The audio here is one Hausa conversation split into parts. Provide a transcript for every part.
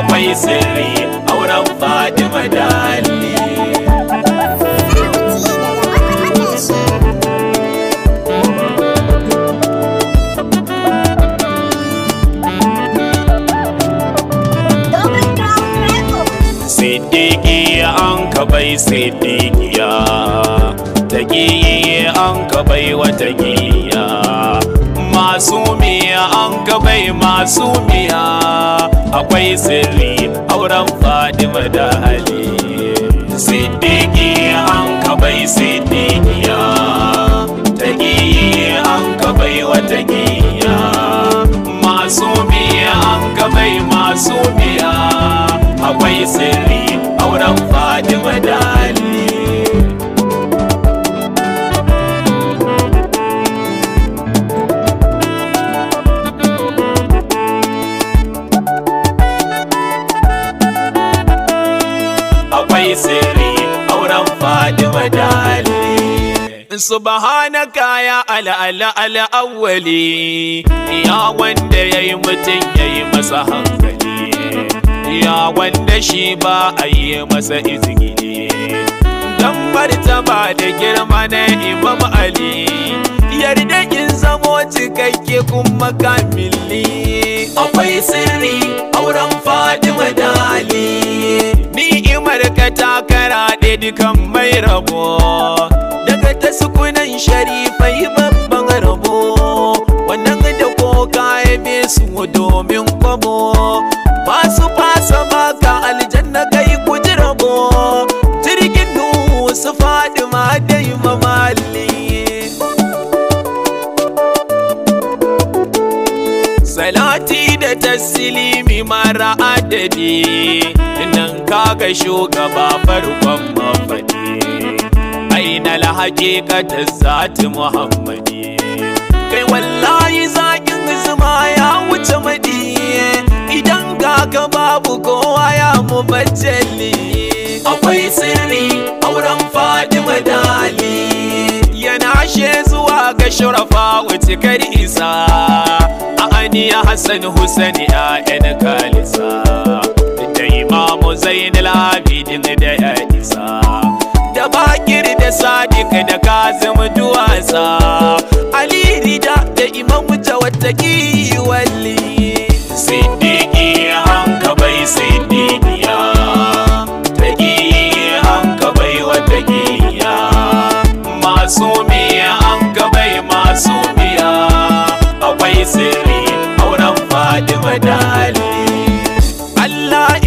akwai sirri auren fatima da ali Siddiqiya an ka bai siddiqiya ta an ka bai wata giya masu gabai masu miya akwai sirri auren fadima da hali sidiki an gabai siddiqiya tagiyi an gabai wata giya masu miya an gabai masu miya akwai sirri Fatima da kaya Subhanaka ya Yawanda al'awwali Ya wanda ya yi mutum ya yi masa hankali Ya wanda shi ba a yi masa izgili Dan martaba da girma na Imam Ali Yarda in zamo cikakke kuma kamili Akwai sirri auren Fadima dali dukan mai rabo daga ta sukunan sharifai babban rabo wannan da koka ya su domin kwabo ba su fasa ba ka aljanna kai ji rabo jirgin duhu su faɗi ma dai mamali salati da tasilimi mara adadi Ka kaga shugaba farkon mafaɗi ainal haƙiƙatar zati muhammadi kai wallahi zaƙin zuma ya wuce maɗi idan kaga babu kowa ya bacceli akwai sirri auren fadima dali yana she zuwa ga shurafa wuce kari isa a aniya hassan hussein 'ya'yan kalisa imamu zainul abidin da ya isa da bakir da sadiq da kazim duwasa ali rida da imam ki walli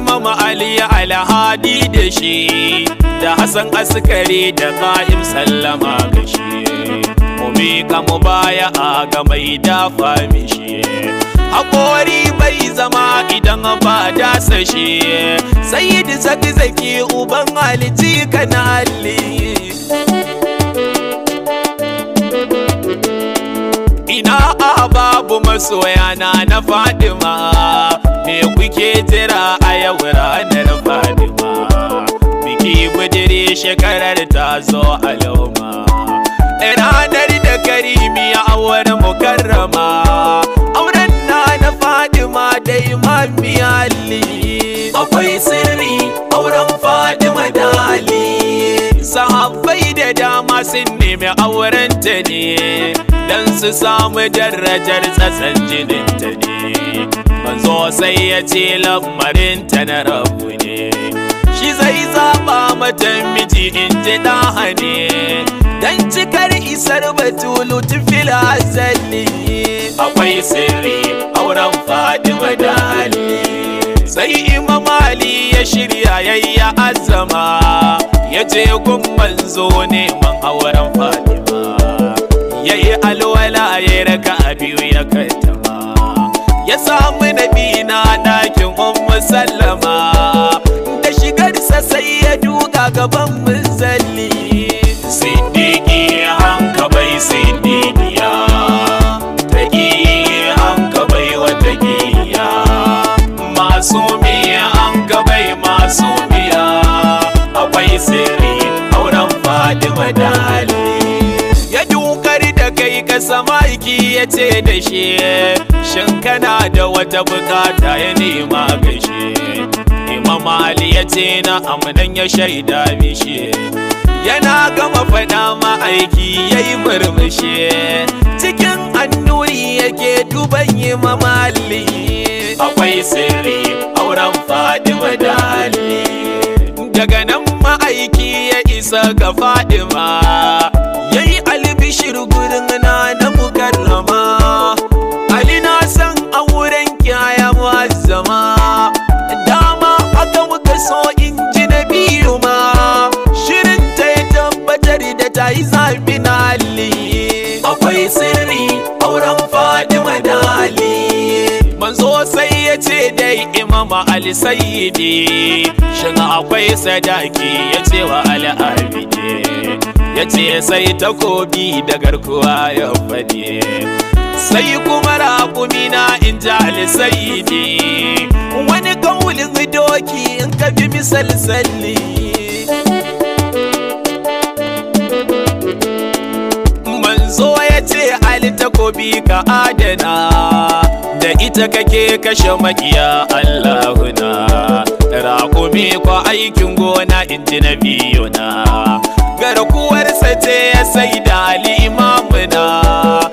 mama ali alhadi da shi da hasan askari da qa'im sallama ga shi umi ka mu baya a ga mai dafa shi hakori bai zama idan ba da sashe da zaki zaki uban halici kana alli ina babu masoyana na fadima me kuke jira ranar fadima biki budiri shekarar ta zo a ranar da karimi a wani mukarrama auren na na fadima da imam ali akwai sirri auren fadima da ali sahabbai da dama sun nemi auren ta ne don su samu darajar tsatsan ta ne manzo sai ya ce lamarin na rabu ne shi zai zaba mata miji in ji ɗahane dan cikar isar batulu tufila zalli akwai sirri auren fadima da ali sai imam ya shirya yayya azama ya ce gun manzo neman auren fadima yi alwala ya raka biyu ya kai ya samu nabi na ɗakin ummu sallama da shigar sa sai ya duka gaban muzalli siddiqi hanka bai siddiqiya taqi hanka bai wa taqiya masumi hanka bai masumiya akwai sirri auren fatima da ali ya dukar da kai ka samaki ya ce da shi shin kana da wata bukata ya nema gaishe Imam Ali ya ce na amnan ya shaida mishi yana gama faɗa ma aiki ya yi murmushi cikin annuri yake duban yi mamali akwai sirri auren Fadima da Ali daga nan ma'aiki ya isa ga Fadima ya ce dai imama alisayyidi shin akwai sadaki ya ce wa al'abide ya ce sai takobi da garkuwa ya fadi sai kuma rakumina na in ji ali alisayyidi wani kawulin doki in ka bi misalsalli manzo ya ce ali takobi ka adana da ita kake kashe makiya Allahuna raƙumi kwa aikin gona na na biyuna garkuwar sace ya sai da Ali imamuna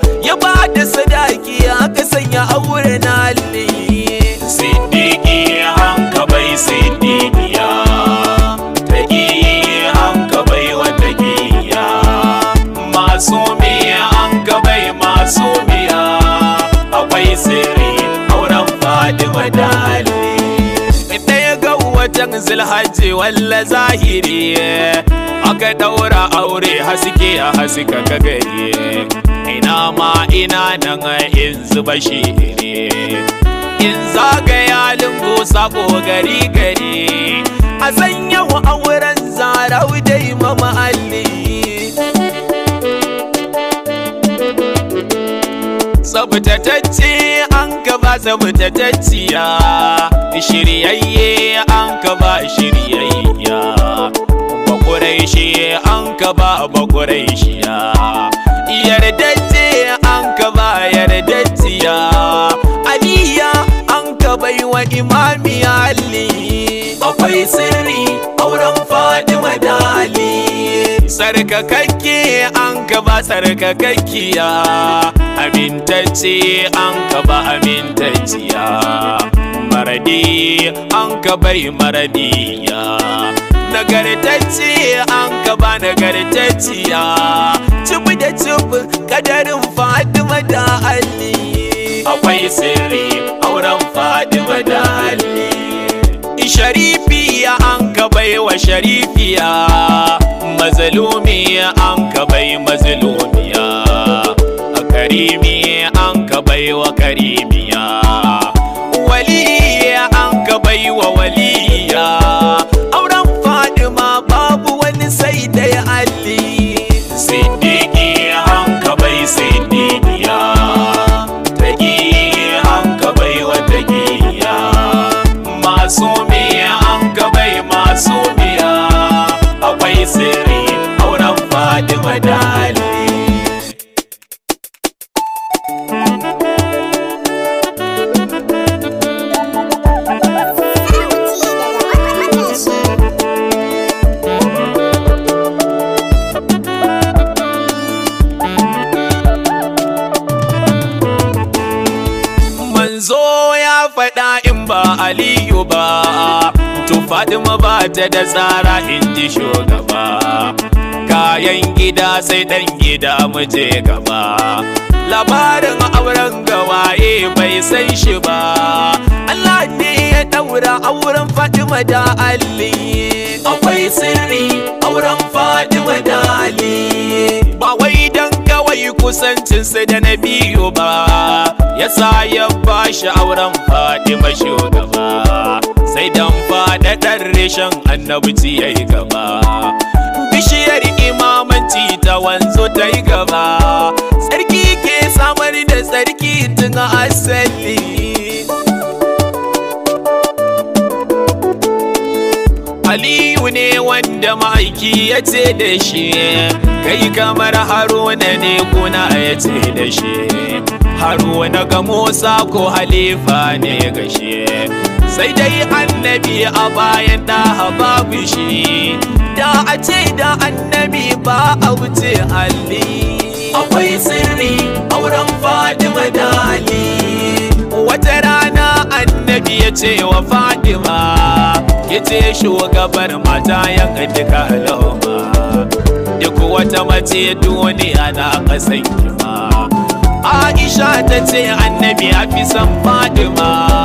wajen zilhaji walla zahiri eh. aka daura aure haske a haska ka gari eh. ina ma ina nan eh, in zuba ne. in zagaya lungu sako gari gari a san yau auren zarau dai mahalli tsabtatacce an gaba tsabtatacciya shiryayye an ka ba shiryayya bakurai shi an ka ba bakurai shiya yardacce an ka ba yardacciya aliya an ka bai wa imami ali akwai sirri auren fadima dali sarkakakke an ka ba sarkakakkiya amintacce an ka ba amintacciya maradi an ka bari maradiya nagartacciya an ka ba nagartacciya cibi da cibi kadarin fatima da ali akwai sirri auren fatima da ali sharifiya an ka bai wa sharifiya mazalumiya an ka bai mazalumiya karimi an ka bai wa karimi aliyu ba to fatima ba ta da tsara in ji shugaba kayan gida sai dan gida mu je gaba labarin auren gawaye bai san shi ba Allah ne ya daura auren fatima da ali akwai sirri auren fatima da ali ba bai sai da na biyu ba Ya sa ya bashi auren fatima shugaba sai dan faɗaɗar reshen annabci ya yi gaba bishiyar imamanci ta wanzo ta yi gaba sarki ke samar da sarki tun asali Aliyu ne wanda ma'aiki ya ce da shi kai kamar haruna ne kuna ya ce da shi haruna ga Musa ko halifa ne ga shi sai dai annabi a bayan da babu shi da a ce da annabi ba a wuce Ali akwai sirri auren fadin Ali ya ce wa Fatima ya ce shugabar mata ya kaddika al'umma duk wata mace duniya na kasan kima Aisha ta ce annabi a fi san Fatima